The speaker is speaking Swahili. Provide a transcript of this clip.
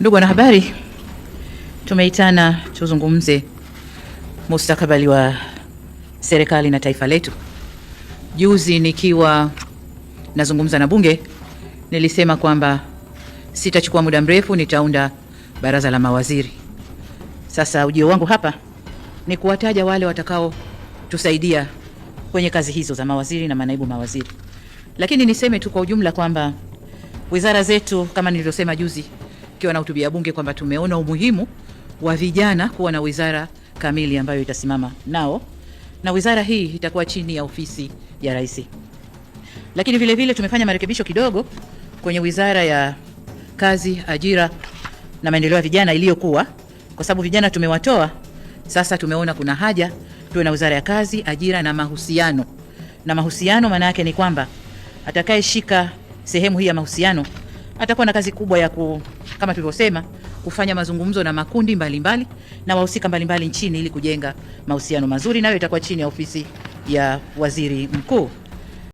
Ndugu wanahabari, tumeitana tuzungumze mustakabali wa serikali na taifa letu. Juzi nikiwa nazungumza na Bunge nilisema kwamba sitachukua muda mrefu, nitaunda baraza la mawaziri. Sasa ujio wangu hapa ni kuwataja wale watakaotusaidia kwenye kazi hizo za mawaziri na manaibu mawaziri, lakini niseme tu kwa ujumla kwamba wizara zetu kama nilivyosema juzi akiwa na hutubia bunge kwamba tumeona umuhimu wa vijana kuwa na wizara kamili ambayo itasimama nao na wizara hii itakuwa chini ya ofisi ya rais. Lakini vile vile tumefanya marekebisho kidogo kwenye wizara ya kazi, ajira na maendeleo ya vijana iliyokuwa, kwa sababu vijana tumewatoa. Sasa tumeona kuna haja tuwe na wizara ya kazi, ajira na mahusiano. Na mahusiano maana yake ni kwamba atakayeshika sehemu hii ya mahusiano atakuwa na kazi kubwa ya ku, kama tulivyosema kufanya mazungumzo na makundi mbalimbali mbali, na wahusika mbalimbali nchini ili kujenga mahusiano mazuri, nayo itakuwa chini ya ofisi ya waziri mkuu.